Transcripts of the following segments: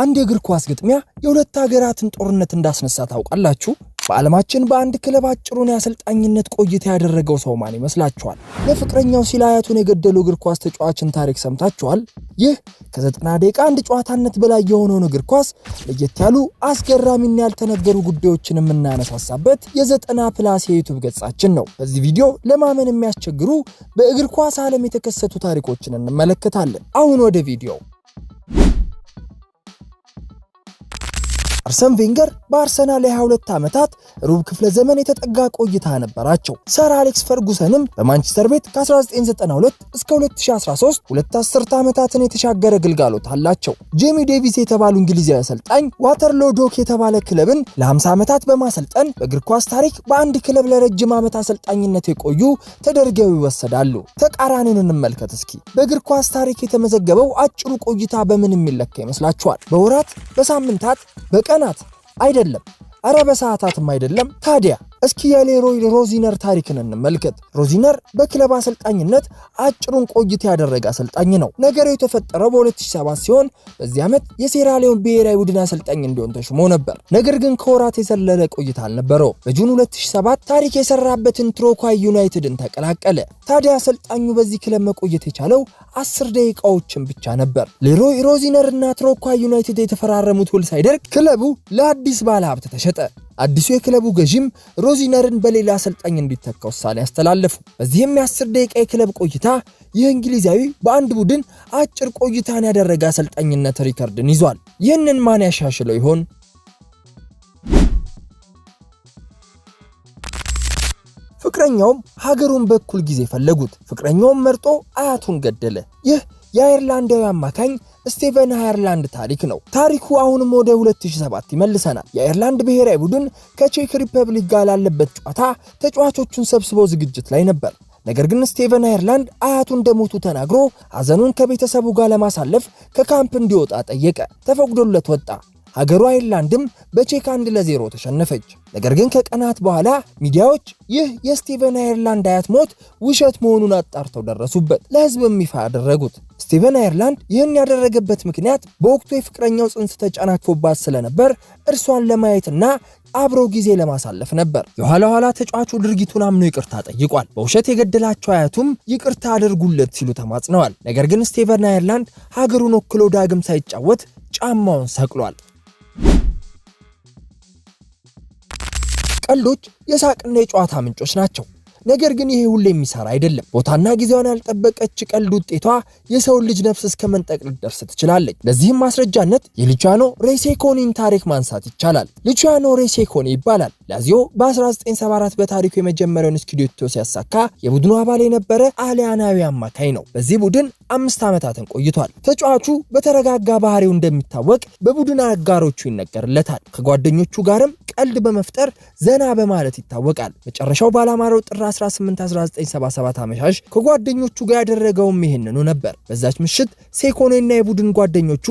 አንድ የእግር ኳስ ግጥሚያ የሁለት ሀገራትን ጦርነት እንዳስነሳ ታውቃላችሁ። በዓለማችን በአንድ ክለብ አጭሩን የአሰልጣኝነት ቆይታ ያደረገው ሰው ማን ይመስላችኋል? ለፍቅረኛው ሲል አያቱን የገደሉ እግር ኳስ ተጫዋችን ታሪክ ሰምታችኋል። ይህ ከዘጠና ደቂቃ አንድ ጨዋታነት በላይ የሆነውን እግር ኳስ ለየት ያሉ አስገራሚና ያልተነገሩ ጉዳዮችን የምናነሳሳበት የዘጠና ፕላስ የዩቱብ ገጻችን ነው። በዚህ ቪዲዮ ለማመን የሚያስቸግሩ በእግር ኳስ ዓለም የተከሰቱ ታሪኮችን እንመለከታለን። አሁን ወደ ቪዲዮው አርሰን ቬንገር በአርሰናል የ22 ዓመታት ሩብ ክፍለ ዘመን የተጠጋ ቆይታ ነበራቸው። ሰር አሌክስ ፈርጉሰንም በማንቸስተር ቤት ከ1992 እስከ 2013 ሁለት አስርተ ዓመታትን የተሻገረ ግልጋሎት አላቸው። ጄሚ ዴቪስ የተባሉ እንግሊዛዊ አሰልጣኝ ዋተርሎ ዶክ የተባለ ክለብን ለ50 ዓመታት በማሰልጠን በእግር ኳስ ታሪክ በአንድ ክለብ ለረጅም ዓመት አሰልጣኝነት የቆዩ ተደርገው ይወሰዳሉ። ተቃራኒውን እንመልከት እስኪ። በእግር ኳስ ታሪክ የተመዘገበው አጭሩ ቆይታ በምን የሚለካ ይመስላችኋል? በወራት፣ በሳምንታት፣ በቀን ህፃናት አይደለም አረ በሰዓታትም አይደለም ታዲያ። እስኪ የሌሮይ ሮዚነር ታሪክን እንመልከት። ሮዚነር በክለብ አሰልጣኝነት አጭሩን ቆይታ ያደረገ አሰልጣኝ ነው። ነገሩ የተፈጠረው በ2007 ሲሆን በዚህ ዓመት የሴራሊዮን ብሔራዊ ቡድን አሰልጣኝ እንዲሆን ተሹሞ ነበር። ነገር ግን ከወራት የዘለለ ቆይታ አልነበረው። በጁን 2007 ታሪክ የሰራበትን ትሮኳይ ዩናይትድን ተቀላቀለ። ታዲያ አሰልጣኙ በዚህ ክለብ መቆየት የቻለው አስር ደቂቃዎችን ብቻ ነበር። ሌሮይ ሮዚነር እና ትሮኳይ ዩናይትድ የተፈራረሙት ውል ሳይደርግ ክለቡ ለአዲስ ባለሀብት ተሸ ሸጠ። አዲሱ የክለቡ ገዥም ሮዚነርን በሌላ አሰልጣኝ እንዲተካ ውሳኔ ያስተላለፉ። በዚህም የአስር ደቂቃ የክለብ ቆይታ ይህ እንግሊዛዊ በአንድ ቡድን አጭር ቆይታን ያደረገ አሰልጣኝነት ሪከርድን ይዟል። ይህንን ማን ያሻሽለው ይሆን? ፍቅረኛውም ሀገሩን በእኩል ጊዜ ፈለጉት። ፍቅረኛውም መርጦ አያቱን ገደለ። ይህ የአየርላንዳዊ አማካኝ ስቴቨን አየርላንድ ታሪክ ነው። ታሪኩ አሁንም ወደ 2007 ይመልሰናል። የአየርላንድ ብሔራዊ ቡድን ከቼክ ሪፐብሊክ ጋር ላለበት ጨዋታ ተጫዋቾቹን ሰብስቦ ዝግጅት ላይ ነበር። ነገር ግን ስቴቨን አየርላንድ አያቱ እንደሞቱ ተናግሮ ሐዘኑን ከቤተሰቡ ጋር ለማሳለፍ ከካምፕ እንዲወጣ ጠየቀ። ተፈቅዶለት ወጣ። ሀገሩ አይርላንድም በቼክ አንድ ለዜሮ ተሸነፈች። ነገር ግን ከቀናት በኋላ ሚዲያዎች ይህ የስቲቨን አየርላንድ አያት ሞት ውሸት መሆኑን አጣርተው ደረሱበት፣ ለህዝብም ይፋ ያደረጉት። ስቲቨን አየርላንድ ይህን ያደረገበት ምክንያት በወቅቱ የፍቅረኛው ጽንስ ተጨናክፎባት ስለነበር እርሷን ለማየትና አብሮ ጊዜ ለማሳለፍ ነበር። የኋላ ኋላ ተጫዋቹ ድርጊቱን አምኖ ይቅርታ ጠይቋል። በውሸት የገደላቸው አያቱም ይቅርታ አድርጉለት ሲሉ ተማጽነዋል። ነገር ግን ስቲቨን አየርላንድ ሀገሩን ወክሎ ዳግም ሳይጫወት ጫማውን ሰቅሏል። ቀልዶች የሳቅና የጨዋታ ምንጮች ናቸው። ነገር ግን ይሄ ሁሌ የሚሰራ አይደለም። ቦታና ጊዜዋን ያልጠበቀች ቀልድ ውጤቷ የሰውን ልጅ ነፍስ እስከ መንጠቅ ልደርስ ትችላለች። ለዚህም ማስረጃነት የልቻኖ ሬሴኮኒን ታሪክ ማንሳት ይቻላል። ልቻኖ ሬሴኮኒ ይባላል። ላዚዮ በ1974 በታሪኩ የመጀመሪያውን ስኩዴቶ ሲያሳካ የቡድኑ አባል የነበረ አሊያናዊ አማካይ ነው። በዚህ ቡድን አምስት ዓመታትን ቆይቷል። ተጫዋቹ በተረጋጋ ባህሪው እንደሚታወቅ በቡድን አጋሮቹ ይነገርለታል። ከጓደኞቹ ጋርም ቀልድ በመፍጠር ዘና በማለት ይታወቃል። መጨረሻው ባላማረው ጥራ 18 1977 አመሻሽ ከጓደኞቹ ጋር ያደረገውም ይህንኑ ነበር። በዛች ምሽት ሴኮኔና የቡድን ጓደኞቹ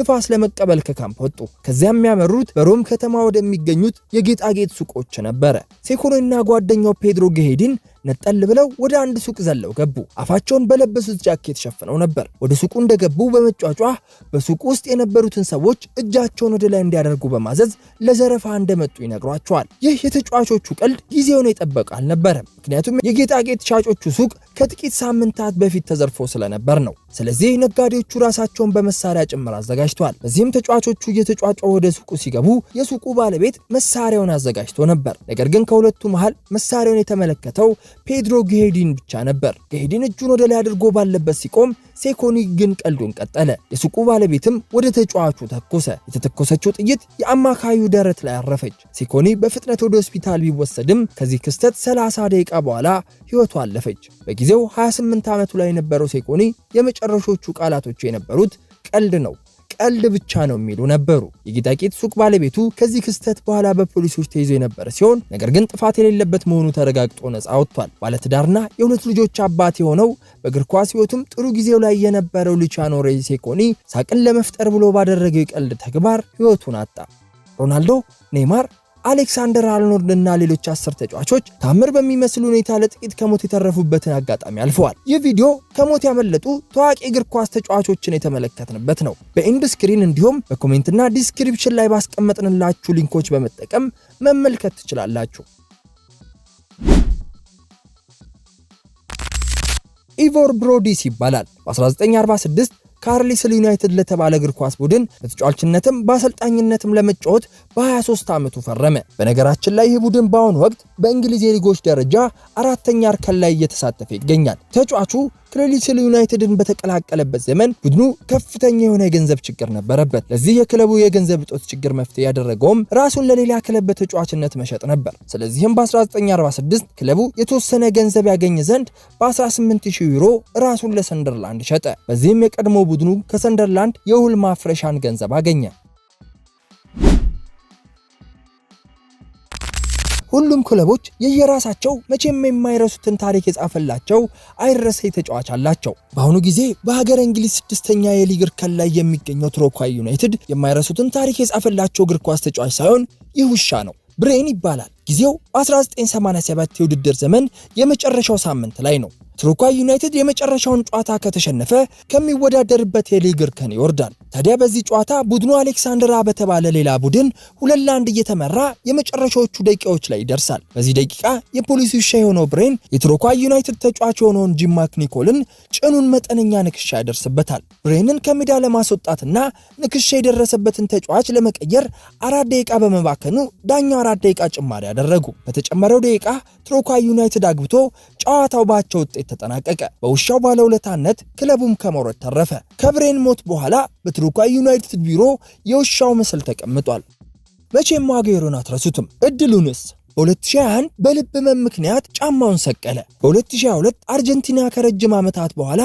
ንፋስ ለመቀበል ከካምፕ ወጡ። ከዚያም የሚያመሩት በሮም ከተማ ወደሚገኙት የጌጣጌጥ ሱቆች ነበረ። ሴኮኔና ጓደኛው ፔድሮ ገሄዲን ነጠል ብለው ወደ አንድ ሱቅ ዘለው ገቡ። አፋቸውን በለበሱት ጃኬት ሸፍነው ነበር። ወደ ሱቁ እንደገቡ በመጫጫ በሱቁ ውስጥ የነበሩትን ሰዎች እጃቸውን ወደ ላይ እንዲያደርጉ በማዘዝ ለዘረፋ እንደመጡ ይነግሯቸዋል። ይህ የተጫዋቾቹ ቀልድ ጊዜውን የጠበቀ አልነበረም። ምክንያቱም የጌጣጌጥ ሻጮቹ ሱቅ ከጥቂት ሳምንታት በፊት ተዘርፎ ስለነበር ነው። ስለዚህ ነጋዴዎቹ ራሳቸውን በመሳሪያ ጭምር አዘጋጅተዋል። በዚህም ተጫዋቾቹ እየተጫጫ ወደ ሱቁ ሲገቡ የሱቁ ባለቤት መሳሪያውን አዘጋጅቶ ነበር። ነገር ግን ከሁለቱ መሃል መሳሪያውን የተመለከተው ፔድሮ ጌሄዲን ብቻ ነበር። ጌሄዲን እጁን ወደ ላይ አድርጎ ባለበት ሲቆም፣ ሴኮኒ ግን ቀልዱን ቀጠለ። የሱቁ ባለቤትም ወደ ተጫዋቹ ተኮሰ። የተተኮሰችው ጥይት የአማካዩ ደረት ላይ አረፈች። ሴኮኒ በፍጥነት ወደ ሆስፒታል ቢወሰድም ከዚህ ክስተት 30 ደቂቃ በኋላ ሕይወቱ አለፈች። በጊዜው 28 ዓመቱ ላይ የነበረው ሴኮኒ የመጨ የመጨረሾቹ ቃላቶቹ የነበሩት ቀልድ ነው ቀልድ ብቻ ነው የሚሉ ነበሩ። የጌጣጌጥ ሱቅ ባለቤቱ ከዚህ ክስተት በኋላ በፖሊሶች ተይዞ የነበረ ሲሆን ነገር ግን ጥፋት የሌለበት መሆኑ ተረጋግጦ ነጻ ወጥቷል። ባለትዳርና የሁለት ልጆች አባት የሆነው በእግር ኳስ ሕይወቱም ጥሩ ጊዜው ላይ የነበረው ሉቺያኖ ሬሴኮኒ ሳቅን ለመፍጠር ብሎ ባደረገው የቀልድ ተግባር ሕይወቱን አጣ። ሮናልዶ፣ ኔይማር አሌክሳንደር አርኖልድ እና ሌሎች አስር ተጫዋቾች ታምር በሚመስል ሁኔታ ለጥቂት ከሞት የተረፉበትን አጋጣሚ አልፈዋል። ይህ ቪዲዮ ከሞት ያመለጡ ታዋቂ እግር ኳስ ተጫዋቾችን የተመለከትንበት ነው። በኢንድ ስክሪን እንዲሁም በኮሜንትና ዲስክሪፕሽን ላይ ባስቀመጥንላችሁ ሊንኮች በመጠቀም መመልከት ትችላላችሁ። ኢቮር ብሮዲስ ይባላል። በ1946 ካርሊስል ዩናይትድ ለተባለ እግር ኳስ ቡድን በተጫዋችነትም በአሰልጣኝነትም ለመጫወት በ23 ዓመቱ ፈረመ። በነገራችን ላይ ይህ ቡድን በአሁኑ ወቅት በእንግሊዝ የሊጎች ደረጃ አራተኛ እርከን ላይ እየተሳተፈ ይገኛል። ተጫዋቹ ክሬዲስል ዩናይትድን በተቀላቀለበት ዘመን ቡድኑ ከፍተኛ የሆነ የገንዘብ ችግር ነበረበት። ለዚህ የክለቡ የገንዘብ እጦት ችግር መፍትሄ ያደረገውም ራሱን ለሌላ ክለብ በተጫዋችነት መሸጥ ነበር። ስለዚህም በ1946 ክለቡ የተወሰነ ገንዘብ ያገኝ ዘንድ በ18000 ዩሮ ራሱን ለሰንደርላንድ ሸጠ። በዚህም የቀድሞ ቡድኑ ከሰንደርላንድ የውል ማፍረሻን ገንዘብ አገኘ። ሁሉም ክለቦች የየራሳቸው መቼም የማይረሱትን ታሪክ የጻፈላቸው አይረሴ ተጫዋች አላቸው። በአሁኑ ጊዜ በሀገር እንግሊዝ ስድስተኛ የሊግ እርከን ላይ የሚገኘው ትሮኳይ ዩናይትድ የማይረሱትን ታሪክ የጻፈላቸው እግር ኳስ ተጫዋች ሳይሆን ይህ ውሻ ነው። ብሬን ይባላል። ጊዜው 1987 የውድድር ዘመን የመጨረሻው ሳምንት ላይ ነው። ስሩኳ ዩናይትድ የመጨረሻውን ጨዋታ ከተሸነፈ ከሚወዳደርበት የሊግ እርከን ይወርዳል። ታዲያ በዚህ ጨዋታ ቡድኑ አሌክሳንድራ በተባለ ሌላ ቡድን ሁለት ለአንድ እየተመራ የመጨረሻዎቹ ደቂቃዎች ላይ ይደርሳል። በዚህ ደቂቃ የፖሊስ ውሻ የሆነው ብሬን የትሮኳ ዩናይትድ ተጫዋች የሆነውን ጂም ማክኒኮልን ጭኑን መጠነኛ ንክሻ ያደርስበታል። ብሬንን ከሜዳ ለማስወጣትና ንክሻ የደረሰበትን ተጫዋች ለመቀየር አራት ደቂቃ በመባከኑ ዳኛው አራት ደቂቃ ጭማሪ አደረጉ። በተጨመረው ደቂቃ ትሮኳ ዩናይትድ አግብቶ ጨዋታው ባቸው ውጤት ተጠናቀቀ። በውሻው ባለውለታነት ክለቡም ከመውረድ ተረፈ። ከብሬን ሞት በኋላ በትሩኳ ዩናይትድ ቢሮ የውሻው ምስል ተቀምጧል። መቼም አጉዌሮን አትረሱትም። እድሉንስ በ2001 በልብ ህመም ምክንያት ጫማውን ሰቀለ። በ2022 አርጀንቲና ከረጅም ዓመታት በኋላ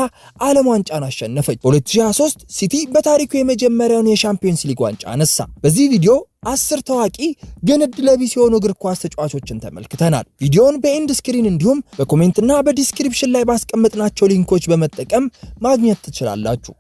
ዓለም ዋንጫን አሸነፈች። በ2023 ሲቲ በታሪኩ የመጀመሪያውን የሻምፒዮንስ ሊግ ዋንጫ አነሳ። በዚህ ቪዲዮ አስር ታዋቂ ግን ዕድለ ቢስ የሆኑ እግር ኳስ ተጫዋቾችን ተመልክተናል። ቪዲዮውን በኤንድ ስክሪን እንዲሁም በኮሜንትና በዲስክሪፕሽን ላይ ባስቀመጥናቸው ሊንኮች በመጠቀም ማግኘት ትችላላችሁ።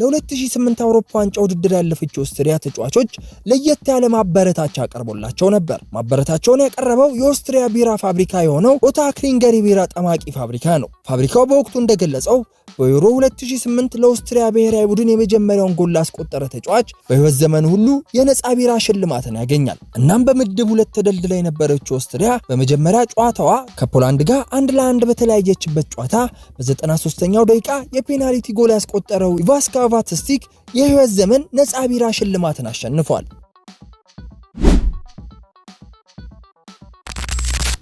ለ2008 አውሮፓ ዋንጫ ውድድር ያለፈች ኦስትሪያ ተጫዋቾች ለየት ያለ ማበረታቻ ቀርቦላቸው ነበር። ማበረታቸውን ያቀረበው የኦስትሪያ ቢራ ፋብሪካ የሆነው ኦታ ክሪንገሪ ቢራ ጠማቂ ፋብሪካ ነው። ፋብሪካው በወቅቱ እንደገለጸው በዩሮ 2008 ለኦስትሪያ ብሔራዊ ቡድን የመጀመሪያውን ጎል ላስቆጠረ ተጫዋች በህይወት ዘመን ሁሉ የነፃ ቢራ ሽልማትን ያገኛል። እናም በምድብ ሁለት ተደልድላ የነበረችው ኦስትሪያ በመጀመሪያ ጨዋታዋ ከፖላንድ ጋር አንድ ለአንድ በተለያየችበት ጨዋታ በ93ኛው ደቂቃ የፔናልቲ ጎል ያስቆጠረው ኢቫስካ ቫት ስቲክ የህይወት ዘመን ነፃ ቢራ ሽልማትን አሸንፏል።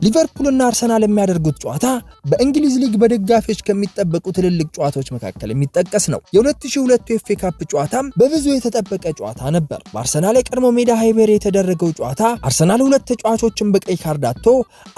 ሊቨርፑልና አርሰናል የሚያደርጉት ጨዋታ በእንግሊዝ ሊግ በደጋፊዎች ከሚጠበቁ ትልልቅ ጨዋታዎች መካከል የሚጠቀስ ነው። የ2002 ኤፍ ኤ ካፕ ጨዋታም በብዙ የተጠበቀ ጨዋታ ነበር። በአርሰናል የቀድሞ ሜዳ ሃይቤሪ የተደረገው ጨዋታ አርሰናል ሁለት ተጫዋቾችን በቀይ ካርድ አጥቶ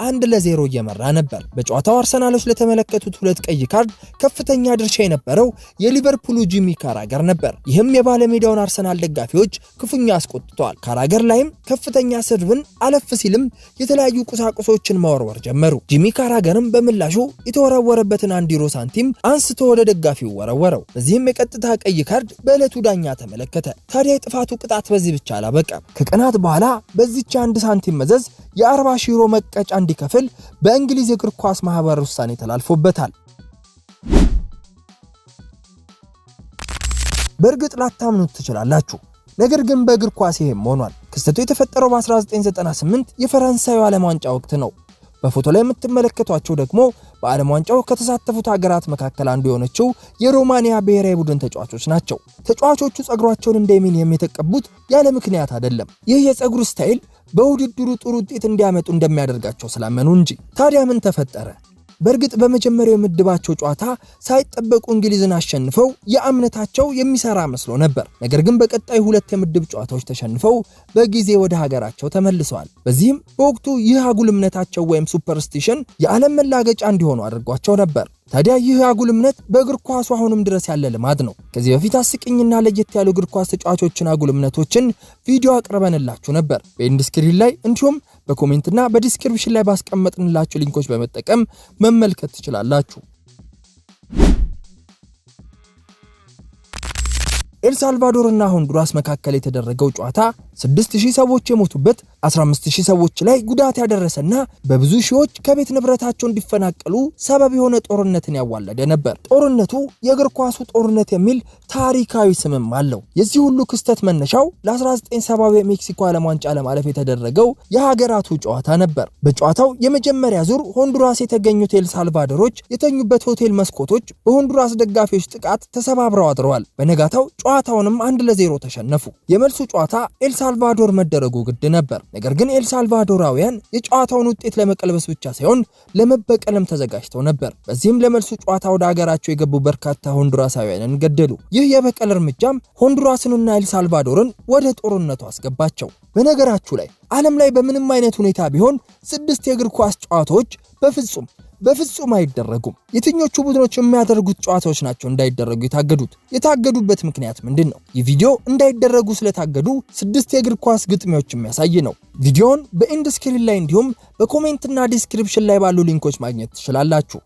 አንድ ለዜሮ እየመራ ነበር። በጨዋታው አርሰናሎች ለተመለከቱት ሁለት ቀይ ካርድ ከፍተኛ ድርሻ የነበረው የሊቨርፑሉ ጂሚ ካራገር ነበር። ይህም የባለሜዳውን አርሰናል ደጋፊዎች ክፉኛ አስቆጥተዋል። ካራገር ላይም ከፍተኛ ስድብን አለፍ ሲልም የተለያዩ ቁሳቁሶች ሳንቲሞችን መወርወር ጀመሩ። ጂሚ ካራገንም በምላሹ የተወረወረበትን አንድ ሳንቲም አንስቶ ወደ ደጋፊው ወረወረው። በዚህም የቀጥታ ቀይ ካርድ በዕለቱ ዳኛ ተመለከተ። ታዲያ የጥፋቱ ቅጣት በዚህ ብቻ አላበቃም። ከቀናት በኋላ በዚች አንድ ሳንቲም መዘዝ የ40 ሺህ ዩሮ መቀጫ እንዲከፍል በእንግሊዝ የእግር ኳስ ማህበር ውሳኔ ተላልፎበታል። በእርግጥ ላታምኑት ትችላላችሁ፣ ነገር ግን በእግር ኳስ ይሄም ሆኗል። ክስተቱ የተፈጠረው በ1998 የፈረንሳዩ ዓለም ዋንጫ ወቅት ነው። በፎቶ ላይ የምትመለከቷቸው ደግሞ በዓለም ዋንጫው ከተሳተፉት ሀገራት መካከል አንዱ የሆነችው የሮማንያ ብሔራዊ ቡድን ተጫዋቾች ናቸው። ተጫዋቾቹ ጸጉሯቸውን እንደ ሚሊየም የተቀቡት ያለ ምክንያት አይደለም። ይህ የጸጉር ስታይል በውድድሩ ጥሩ ውጤት እንዲያመጡ እንደሚያደርጋቸው ስላመኑ እንጂ። ታዲያ ምን ተፈጠረ? በእርግጥ በመጀመሪያው የምድባቸው ጨዋታ ሳይጠበቁ እንግሊዝን አሸንፈው የእምነታቸው የሚሰራ መስሎ ነበር። ነገር ግን በቀጣይ ሁለት የምድብ ጨዋታዎች ተሸንፈው በጊዜ ወደ ሀገራቸው ተመልሰዋል። በዚህም በወቅቱ ይህ አጉል እምነታቸው ወይም ሱፐርስቲሽን የዓለም መላገጫ እንዲሆኑ አድርጓቸው ነበር። ታዲያ ይህ አጉል እምነት በእግር ኳሱ አሁንም ድረስ ያለ ልማድ ነው። ከዚህ በፊት አስቂኝና ለየት ያሉ እግር ኳስ ተጫዋቾችን አጉል እምነቶችን ቪዲዮ አቅርበንላችሁ ነበር በኢንዲስክሪን ላይ እንዲሁም በኮሜንትና በዲስክሪፕሽን ላይ ባስቀመጥንላችሁ ሊንኮች በመጠቀም መመልከት ትችላላችሁ። ኤልሳልቫዶር እና ሆንዱራስ መካከል የተደረገው ጨዋታ 6000 ሰዎች የሞቱበት 15000 ሰዎች ላይ ጉዳት ያደረሰና በብዙ ሺዎች ከቤት ንብረታቸው እንዲፈናቀሉ ሰበብ የሆነ ጦርነትን ያዋለደ ነበር። ጦርነቱ የእግር ኳሱ ጦርነት የሚል ታሪካዊ ስምም አለው። የዚህ ሁሉ ክስተት መነሻው ለ1970 የሜክሲኮ ዓለም ዋንጫ ለማለፍ የተደረገው የሀገራቱ ጨዋታ ነበር። በጨዋታው የመጀመሪያ ዙር ሆንዱራስ የተገኙት ኤልሳልቫዶሮች የተኙበት ሆቴል መስኮቶች በሆንዱራስ ደጋፊዎች ጥቃት ተሰባብረው አድረዋል። በነጋታው ጨዋታውንም አንድ ለዜሮ ተሸነፉ። የመልሱ ጨዋታ ኤልሳልቫዶር መደረጉ ግድ ነበር። ነገር ግን ኤልሳልቫዶራውያን የጨዋታውን ውጤት ለመቀልበስ ብቻ ሳይሆን ለመበቀልም ተዘጋጅተው ነበር። በዚህም ለመልሱ ጨዋታ ወደ አገራቸው የገቡ በርካታ ሆንዱራሳውያንን ገደሉ። ይህ የበቀል እርምጃም ሆንዱራስንና ኤልሳልቫዶርን ወደ ጦርነቱ አስገባቸው። በነገራችሁ ላይ ዓለም ላይ በምንም አይነት ሁኔታ ቢሆን ስድስት የእግር ኳስ ጨዋታዎች በፍጹም በፍጹም አይደረጉም። የትኞቹ ቡድኖች የሚያደርጉት ጨዋታዎች ናቸው እንዳይደረጉ የታገዱት? የታገዱበት ምክንያት ምንድን ነው? ይህ ቪዲዮ እንዳይደረጉ ስለታገዱ ስድስት የእግር ኳስ ግጥሚያዎች የሚያሳይ ነው። ቪዲዮውን በኢንድ ስክሪን ላይ እንዲሁም በኮሜንትና ዲስክሪፕሽን ላይ ባሉ ሊንኮች ማግኘት ትችላላችሁ።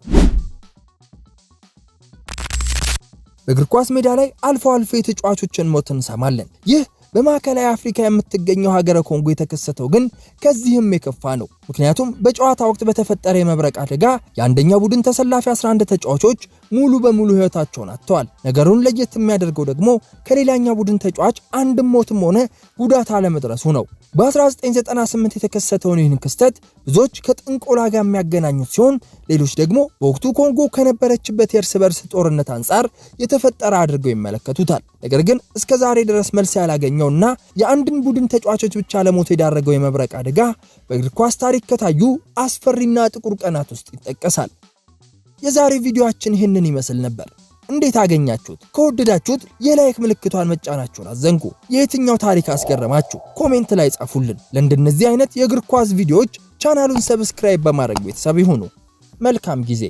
በእግር ኳስ ሜዳ ላይ አልፎ አልፎ የተጫዋቾችን ሞት እንሰማለን። ይህ በማዕከላዊ አፍሪካ የምትገኘው ሀገረ ኮንጎ የተከሰተው ግን ከዚህም የከፋ ነው። ምክንያቱም በጨዋታ ወቅት በተፈጠረ የመብረቅ አደጋ የአንደኛ ቡድን ተሰላፊ 11 ተጫዋቾች ሙሉ በሙሉ ሕይወታቸውን አጥተዋል። ነገሩን ለየት የሚያደርገው ደግሞ ከሌላኛ ቡድን ተጫዋች አንድም ሞትም ሆነ ጉዳት አለመድረሱ ነው። በ1998 የተከሰተውን ይህን ክስተት ብዙዎች ከጥንቆላ ጋር የሚያገናኙት ሲሆን ሌሎች ደግሞ በወቅቱ ኮንጎ ከነበረችበት የእርስ በርስ ጦርነት አንጻር የተፈጠረ አድርገው ይመለከቱታል። ነገር ግን እስከ ዛሬ ድረስ መልስ ያላገኘ ያገኘውና የአንድን ቡድን ተጫዋቾች ብቻ ለሞት የዳረገው የመብረቅ አደጋ በእግር ኳስ ታሪክ ከታዩ አስፈሪና ጥቁር ቀናት ውስጥ ይጠቀሳል። የዛሬ ቪዲዮአችን ይህንን ይመስል ነበር። እንዴት አገኛችሁት? ከወደዳችሁት የላይክ ምልክቷን መጫናችሁን አዘንጉ። የየትኛው ታሪክ አስገረማችሁ? ኮሜንት ላይ ጻፉልን። ለእንደነዚህ አይነት የእግር ኳስ ቪዲዮዎች ቻናሉን ሰብስክራይብ በማድረግ ቤተሰብ ይሁኑ። መልካም ጊዜ